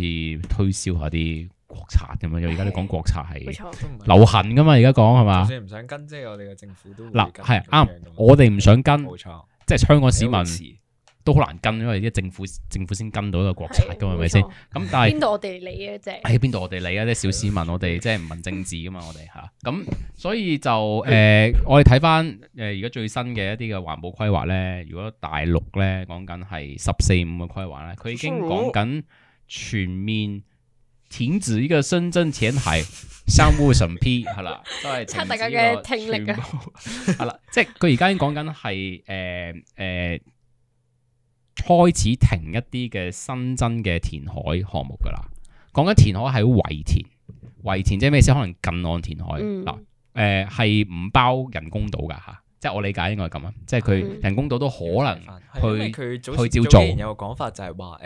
推銷一下啲國產咁樣。而家啲講國產係，冇錯，流行噶嘛？而家講係嘛？即係唔想跟，即係我哋嘅政府都嗱係啱。我哋唔想跟，冇錯，即係香港市民。都好難跟，因為啲政府政府先跟到個國策噶，係咪先？咁沒錯 但係邊度我哋理啊？啫、哎？係喺邊度我哋理啊？啲小市民我哋即係唔問政治噶嘛，我哋吓咁，所以就誒、呃，我哋睇翻誒，而、呃、家最新嘅一啲嘅環保規劃咧，如果大陸咧講緊係十四五嘅規劃咧，佢已經講緊全面停止新增圍填海項目審批，係啦、哦，真係。測 大家嘅聽力啊部！係啦， 即係佢而家已經講緊係誒誒。 開始停一啲嘅新增嘅填海項目噶啦，講緊填海係圍填，圍填即係咩意思？可能近岸填海嗱，誒係唔包人工島噶吓，即係我理解應該係咁啊，即係佢人工島都可能去、嗯嗯、去，去照做。有個講法就係話，誒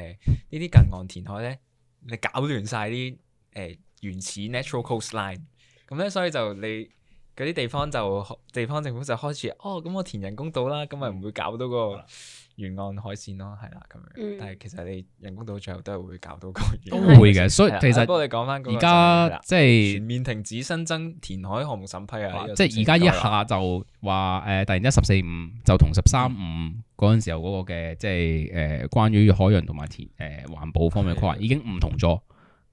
呢啲近岸填海咧，你搞亂晒啲誒原始 natural coastline，咁咧、嗯、所以就你嗰啲地方就地方政府就開始，哦咁我填人工島啦，咁咪唔會搞到、個。嗯沿岸海線咯，係啦咁樣，但係其實你人工島最後都係會搞到嗰樣，都會嘅。所以 的其實你講翻，而家即係全面停止新增填海項目審批啊！即係而家一下就話誒，突然間十四五就同十三五嗰陣時候嗰個嘅即係誒，關於海洋同埋填誒環保方面規劃已經唔同咗，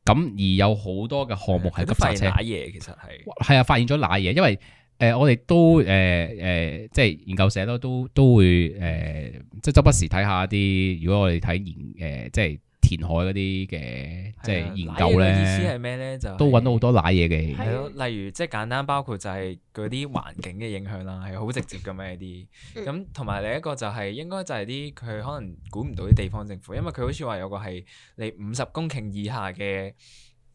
咁的而有好多嘅項目係急刹車瀨嘢，其實係係啊，發現咗瀨嘢，因為。誒、呃，我哋都誒誒、呃呃，即係研究社咯，都都會誒、呃，即係周不時睇下啲。如果我哋睇研誒、呃，即係填海嗰啲嘅，即係研究咧，都搵到好多瀨嘢嘅。係咯、啊，例如即係簡單，包括就係嗰啲環境嘅影響啦，係好 直接咁樣一啲。咁同埋另一個就係、是，應該就係啲佢可能估唔到啲地方政府，因為佢好似話有個係你五十公頃以下嘅。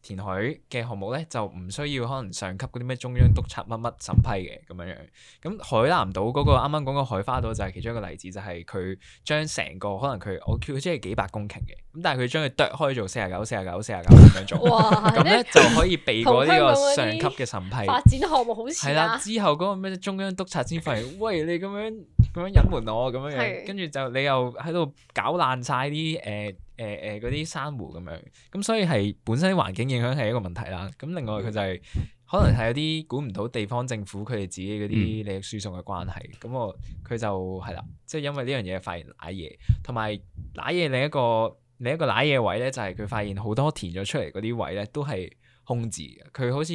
填海嘅項目咧，就唔需要可能上級嗰啲咩中央督察乜乜審批嘅咁樣樣。咁海南島嗰個啱啱講個海花島就係其中一個例子，就係、是、佢將成個可能佢我佢即係幾百公頃嘅，咁但係佢將佢剁開做四十九、四十九、四十九咁樣做，咁咧就可以避過呢個上級嘅審批。發展項目好似係啦，之後嗰個咩中央督察先發現，喂，你咁樣咁樣隱瞞我咁樣樣，的跟住就你又喺度搞爛晒啲誒。呃誒誒嗰啲珊瑚咁樣，咁所以係本身啲環境影響係一個問題啦。咁另外佢就係、是、可能係有啲管唔到地方政府佢哋自己嗰啲利益輸送嘅關係，咁、嗯、我佢就係啦，即係、就是、因為呢樣嘢發現瀨嘢，同埋瀨嘢另一個另一個瀨嘢位咧，就係、是、佢發現好多填咗出嚟嗰啲位咧都係空置嘅。佢好似，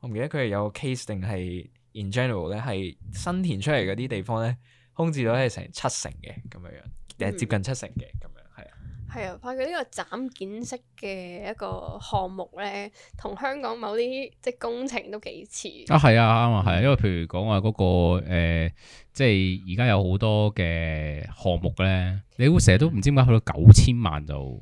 我唔記得佢係有個 case 定係 in general 咧，係新填出嚟嗰啲地方咧空置咗係成七成嘅咁樣樣，誒、嗯、接近七成嘅。係啊，發現佢呢個斬件式嘅一個項目咧，同香港某啲即工程都幾似啊。係啊，啱啊，係啊，因為譬如講話嗰個、呃、即係而家有好多嘅項目咧，你會成日都唔知點解去到九千萬就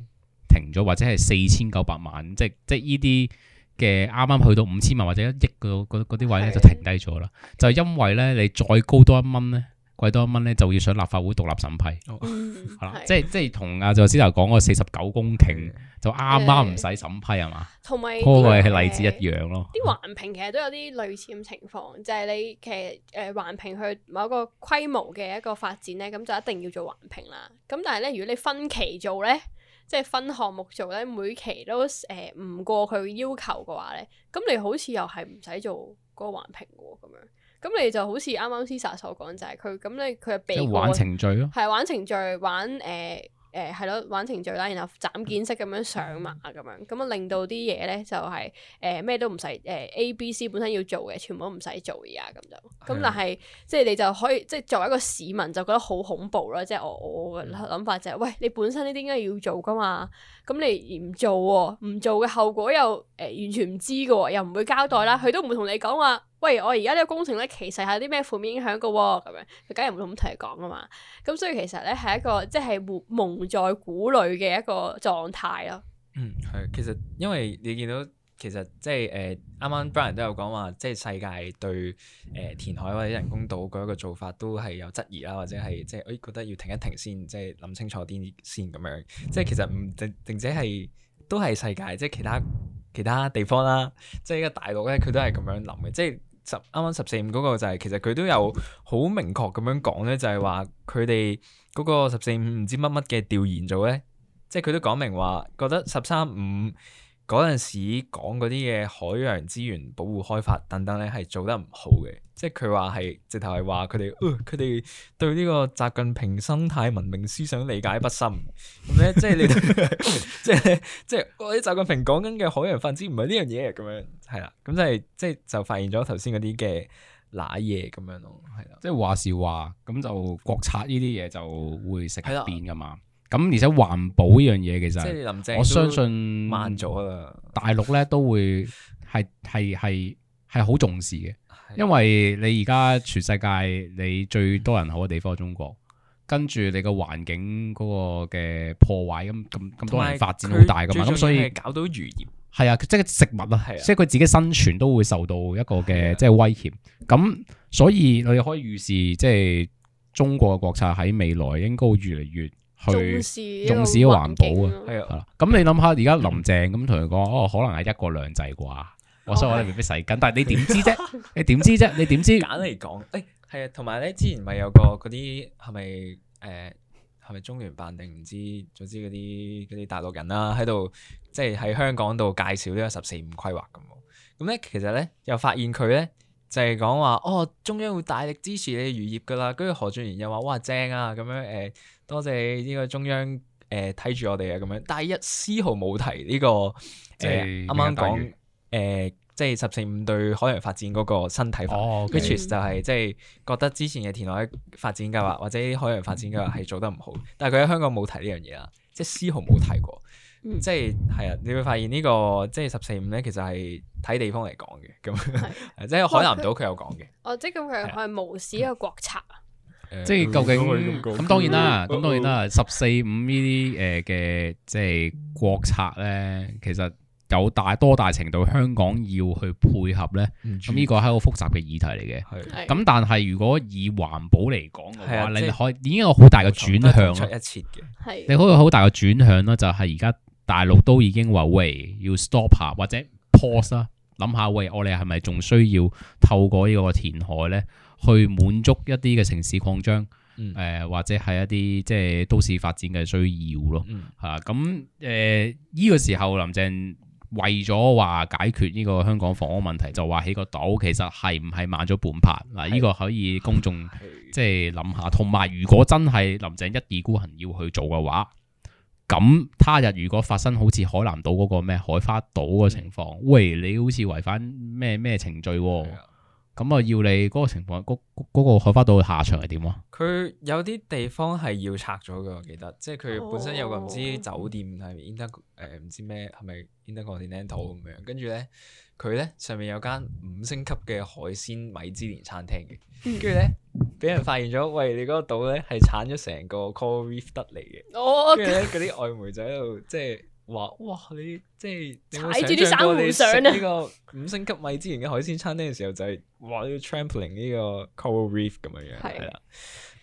停咗，或者係四千九百萬，即即係依啲嘅啱啱去到五千萬或者一億嗰啲位咧的就停低咗啦。就係因為咧你再高多一蚊咧。貴多蚊咧，就要上立法會獨立審批，係啦，即係即係同阿左先頭講嗰四十九公頃就啱啱唔使審批係嘛，同埋嗰個例子一樣咯。啲環評其實都有啲類似咁情況，就係、是、你其實誒環評去某個規模嘅一個發展咧，咁就一定要做環評啦。咁但係咧，如果你分期做咧，即係分項目做咧，每期都誒唔、呃、過佢要求嘅話咧，咁你好似又係唔使做嗰個環評咁樣。咁你就好似啱啱 Caesar 所講就係佢，咁你佢又俾玩程序咯，係玩程序玩誒誒係咯玩程序啦，然後斬件式咁樣上馬咁樣，咁啊令到啲嘢咧就係誒咩都唔使誒、呃、A B C 本身要做嘅全部都唔使做而家咁就咁但係即係你就可以即係作為一個市民就覺得好恐怖啦，即係我我諗法就係、是、喂你本身呢啲應該要做噶嘛？咁你唔做唔、哦、做嘅後果又誒、呃、完全唔知噶，又唔會交代啦，佢都唔會同你講話。喂，我而家呢個工程咧，其實係有啲咩負面影響噶喎？咁樣佢梗係唔會咁同你講噶嘛。咁所以其實咧係一個即係蒙在鼓裏嘅一個狀態咯。嗯，係。其實因為你見到其實即係誒啱啱 Brian 都有講話，即係世界對誒、呃、填海或者人工島嗰一個做法都係有質疑啦，或者係即係誒覺得要停一停先，即係諗清楚啲先咁樣。即係其實唔定，或者係都係世界即係其他其他地方啦、啊，即係呢個大陸咧，佢都係咁樣諗嘅，即係。十啱啱十四五嗰個就係、是，其實佢都有好明確咁樣講咧，就係話佢哋嗰個十四五唔知乜乜嘅調研組咧，即係佢都講明話，覺得十三五嗰陣時講嗰啲嘅海洋資源保護開發等等咧係做得唔好嘅，即係佢話係直頭係話佢哋，佢、呃、哋對呢個習近平生態文明思想理解不深咁咧， 即係你 即，即係即係習近平講緊嘅海洋分子唔係呢樣嘢咁樣。係啦，咁就係即係就發現咗頭先嗰啲嘅乸嘢，咁樣咯，係啦，即係話是話，咁就國策呢啲嘢就會食變噶嘛。咁的而且環保呢樣嘢，其實即係林鄭我相信慢咗啦，大陸咧都會係係係係好重視嘅，的因為你而家全世界你最多人口嘅地方係中國，跟住你個環境嗰個嘅破壞咁咁咁多人發展好大噶嘛，咁所以搞到漁業。係啊，即係食物啊，係，即係佢自己生存都會受到一個嘅、啊、即係威脅，咁所以我哋可以預示，即係中國嘅國策喺未來應該越嚟越去重視環保啊。係啊，咁、啊嗯、你諗下而家林鄭咁同佢講，哦，可能係一國兩制啩，我、啊、所以我哋未必使緊，但係你點知啫？ 你點知啫？你點知？簡單嚟講，誒，係啊，同埋咧，之前咪有個嗰啲係咪誒？是係咪中聯辦定唔知，總之嗰啲啲大陸人啦、啊，喺度即係喺香港度介紹呢個十四五規劃咁。咁咧其實咧又發現佢咧就係講話哦，中央會大力支持你漁業噶啦。跟住何俊賢又話哇，正啊，咁樣誒、呃、多謝呢個中央誒睇住我哋啊咁樣，但係一絲毫冇提呢、這個誒啱啱講誒。即係十四五對海洋發展嗰個新睇法，跟住就係即係覺得之前嘅填海發展計劃或者海洋發展計劃係做得唔好，但係佢喺香港冇提呢樣嘢啦，即係絲毫冇提過，即係係啊！你會發現呢個即係十四五咧，其實係睇地方嚟講嘅，咁即係海南島佢有講嘅，哦，即係咁佢係無視一個國策，即係究竟咁當然啦，咁當然啦，十四五呢啲誒嘅即係國策咧，其實。有大多大程度香港要去配合呢？咁呢個係一個複雜嘅議題嚟嘅。咁的但係如果以環保嚟講嘅話，的你可以已經有好大嘅轉向。出一截嘅，你可以好大嘅轉向啦，就係而家大陸都已經話喂，要 stop 下或者 pause 啦，諗下喂，我哋係咪仲需要透過呢個填海呢去滿足一啲嘅城市擴張，誒、嗯呃、或者係一啲即係都市發展嘅需要咯？吓咁誒，呢、嗯嗯呃呢個時候林鄭。為咗話解決呢個香港房屋問題，就話起個島，其實係唔係慢咗半拍？嗱是，呢個可以公眾即係諗下。同埋是，想想如果真係林鄭一意孤行要去做嘅話，咁他日如果發生好似海南島嗰個咩海花島個情況，嗯、喂，你好似違反咩咩程序，啊？咁啊，要你嗰個情況，嗰、嗰個海花島嘅下場係點啊？佢有啲地方係要拆咗嘅，我記得，即係佢本身有個唔知酒店係 Inter 誒唔知咩係咪 Intercontinental 咁樣，跟住咧佢咧上面有間五星級嘅海鮮米芝蓮餐廳嘅，跟住咧俾人發現咗，喂，你嗰個島咧係剷咗成個 Coral Reef 得嚟嘅，跟住咧嗰啲外媒仔喺度即係。話哇，你即係踩住啲珊瑚上咧？呢個五星級米芝蓮嘅海鮮餐廳嘅時候就係哇，要 trampling 呢個 coral reef 咁樣樣係啦，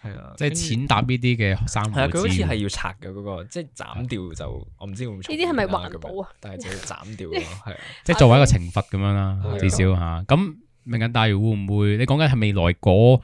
係啊，即係淺踏呢啲嘅珊瑚。係佢好似係要拆嘅嗰個，即係斬掉就我唔知咁。呢啲係咪環保啊？但係就要斬掉咯，係啊，即係作為一個懲罰咁樣啦，至少吓。咁明日大嶼會唔會？你講緊係未來嗰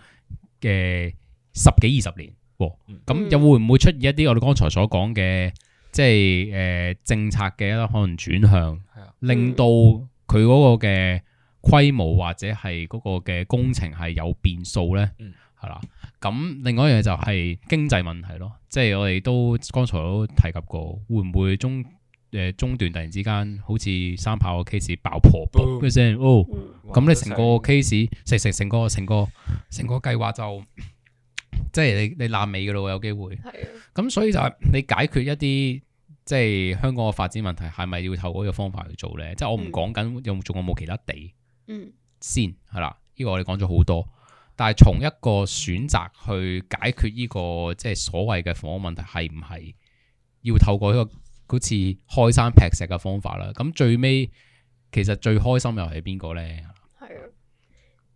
嘅十幾二十年喎？咁又會唔會出現一啲我哋剛才所講嘅？即係誒、呃、政策嘅一可能轉向，嗯、令到佢嗰個嘅規模或者係嗰個嘅工程係有變數咧，係啦、嗯。咁另外一樣嘢就係經濟問題咯。即、就、係、是、我哋都剛才都提及過，會唔會中誒、呃、中斷？突然之間好似三跑 case 爆破，先、嗯：「哦，咁哇你成個 case 食食成個成個成個計劃就即係你你爛尾嘅咯，有機會。咁的所以就係你解決一啲。即係香港嘅發展問題，係咪要透過呢個方法去做呢？嗯、即係我唔講緊有仲有冇其他地，嗯、先係啦。呢個我哋講咗好多，但係從一個選擇去解決呢個即係所謂嘅房屋問題，係唔係要透過一個好似開山劈石嘅方法啦？咁最尾其實最開心又係邊個呢？係啊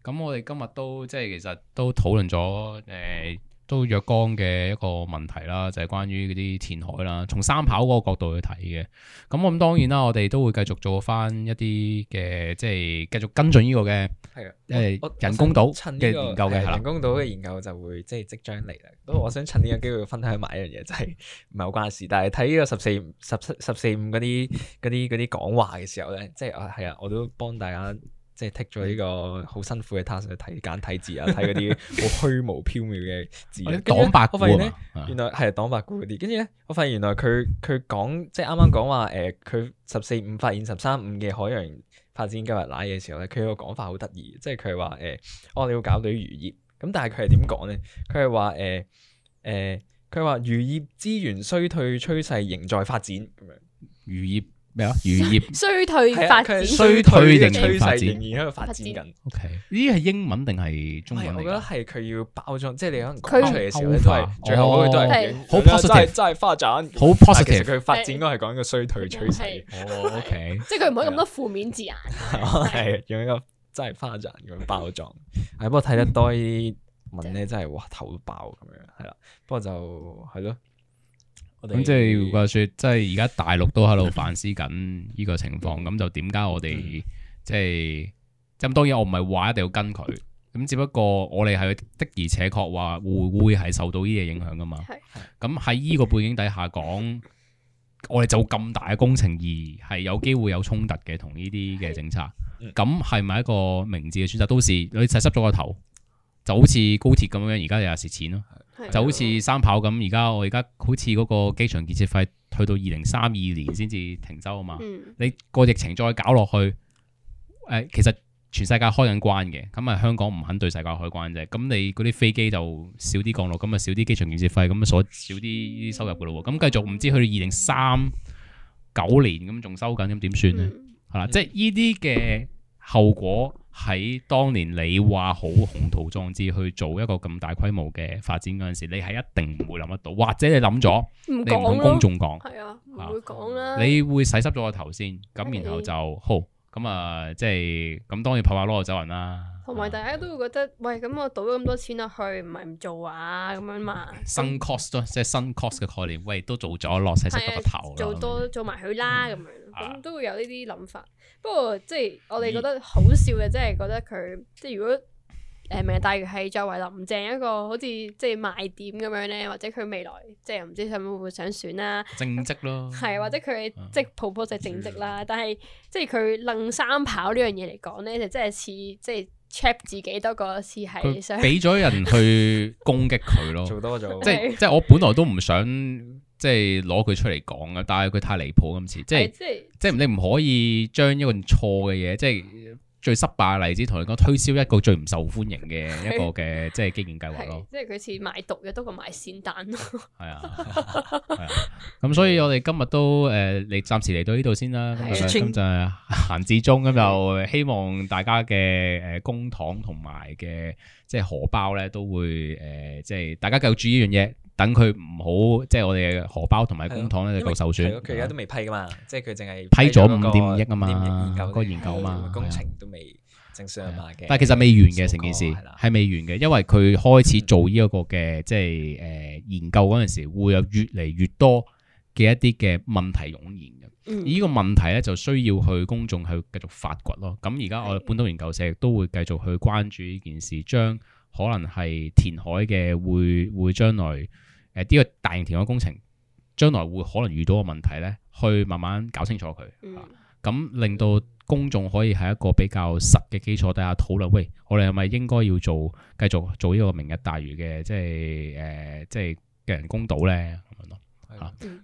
的。咁我哋今日都即係其實都討論咗誒。呃都若干嘅一個問題啦，就係、是、關於嗰啲填海啦。從三跑嗰個角度去睇嘅，咁我咁當然啦，我哋都會繼續做返一啲嘅，即係繼續跟進呢個嘅，係啊，誒人工島嘅研究嘅、這個、人工島嘅研究就會、就是、即係即將嚟啦。都我想趁呢個機會分享埋一樣嘢，就係唔係好關事，但係睇呢個十四、十七、十四五嗰啲啲啲講話嘅時候咧，即係啊係啊，我都幫大家。即係剔咗呢個好辛苦嘅 task 去睇簡體字啊，睇嗰啲好虛無縹緲嘅字。黨八股我發現咧， 原來係黨八股啲。跟住咧，我發現原來佢佢講，即係啱啱講話誒，佢十四五發現十三五嘅海洋發展計劃嗱嘢嘅時候咧，佢個講法好得意，即係佢話誒，我、呃、哋、哦、要搞到啲漁業。咁但係佢係點講咧？佢係話誒誒，佢話漁業資源衰退趨勢仍在發展咁樣漁業。 咩啊？漁業衰退發展，衰退定趨勢而喺度發展。O K，呢啲係英文定係中文，我覺得係佢要包裝，即係你可能講出嚟嘅時候都係最後都係好 positive，真係發展。好 positive。其實佢發展都係講一個衰退趨勢。哦，O K。即係佢唔可以咁多負面字眼，係用一個真係發展咁樣包裝。係不過睇得多啲文咧，真係哇頭都爆咁樣。係啦，不過就係咯。咁即係話說，即係而家大陸都喺度反思緊呢個情況，咁 就點解我哋即係即係當然，我唔係話一定要跟佢，咁只不過我哋係的而且確話會會係受到呢嘢影響噶嘛。咁喺呢個背景底下講，我哋做咁大嘅工程而係有機會有衝突嘅，同呢啲嘅政策，咁係咪一個明智嘅選擇？都時你實濕咗個頭。就好似高鐵咁樣，而家又有蝕錢咯。的就好似三跑咁，而家我而家好似嗰個機場建設費，去到二零三二年先至停收啊嘛。嗯、你個疫情再搞落去，誒、呃，其實全世界開緊關嘅，咁啊香港唔肯對世界開關啫。咁你嗰啲飛機就少啲降落，咁啊少啲機場建設費，咁所少啲收入噶咯。咁繼續唔知去到二零三九年咁仲收緊，咁點算咧？係啦、嗯，的即係呢啲嘅後果。喺當年你話好宏圖壯志去做一個咁大規模嘅發展嗰陣時，你係一定唔會諗得到，或者你諗咗，你唔同公眾講。係啊，唔會講啦，你會洗濕咗個頭先，咁然後就的好。咁啊、呃，即係咁，當然拍拍籮走人啦。同埋大家都會覺得，嗯、喂，咁我賭咗咁多錢落去，唔係唔做啊？咁樣嘛，新 sunk cost 咯，嗯、即係新 sunk cost 嘅概念，喂，都做咗落晒成個頭啦、啊。做多做埋佢啦，咁、嗯、樣，咁都會有呢啲諗法。啊、不過即係我哋覺得好笑嘅，即係覺得佢即係如果。誒，大約係作為林鄭一個好似即係賣點咁樣咧，或者佢未來即係唔知佢會唔會想選、啊、職啦？政績咯，係或者佢即係 propose 啦， 嗯、 但係即係佢掹三跑呢樣嘢嚟講咧，就真係似即係 check 自己多個一次係想俾咗人去攻擊佢咯，做多咗，即係即係我本來都唔想即係攞佢出嚟講嘅，但係佢太離譜咁似，即係即係是即係你唔可以將一個錯嘅嘢即係。最失敗嘅例子同你講，推銷一個最唔受歡迎嘅一個嘅的即係經驗計劃咯，即係佢似賣毒嘅多過賣仙丹咯。係啊，咁所以我哋今日都誒、呃，你暫時嚟到呢度先啦。咁就閒至中咁，就、嗯、的希望大家嘅誒公帑同埋嘅即係荷包咧，都會誒即係大家繼續注意呢樣嘢。等佢唔好，即係我哋嘅荷包同埋公帑咧就受損。佢而家都未批噶嘛，即係佢淨係批咗五點五億啊嘛，個研究啊，工程都未正常啊嘛嘅。但係其實未完嘅成件事係未完嘅，因為佢開始做呢一個嘅即係誒研究嗰陣時，會有越嚟越多嘅一啲嘅問題湧現嘅。而呢個問題咧就需要去公眾去繼續發掘咯。咁而家我哋本土研究社都會繼續去關注呢件事，將可能係填海嘅會會將來。呢個大型填海工程將來會可能遇到嘅問題呢，去慢慢搞清楚佢，咁、嗯啊、令到公眾可以係一個比較實嘅基礎，大家討論喂，我哋係咪應該要做繼續做呢個明日大嶼嘅，即係誒、呃，即係人工島呢？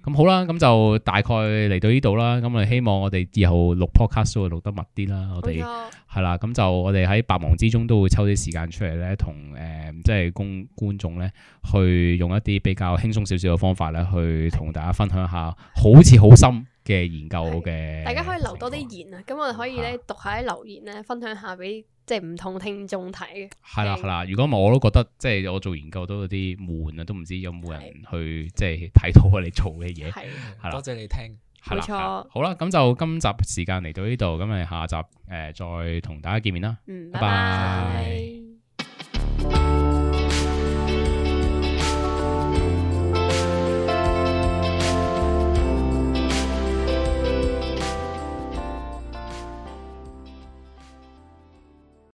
咁好啦，咁、嗯嗯、就大概嚟到呢度啦。咁我哋希望我哋以後錄 podcast 會錄得密啲啦。嗯、我哋係啦，咁的的就我哋喺百忙之中都會抽啲時間出嚟咧，同、呃、誒，即、就、係、是、公觀眾咧，去用一啲比較輕鬆少少嘅方法咧，去同大家分享下好似好深嘅研究嘅。大家可以留多啲言啊，咁我哋可以咧讀下啲留言咧，嗯、分享下俾。即係唔同聽眾睇嘅，係啦係啦。聽如果唔係，我都覺得即係我做研究都有啲悶啊，都唔知有冇人去是即係睇到我哋做嘅嘢。係是，了多謝你聽，冇錯了錯。好啦，咁就今集時間嚟到呢度，咁你下集誒再同大家見面啦。嗯，拜拜。拜拜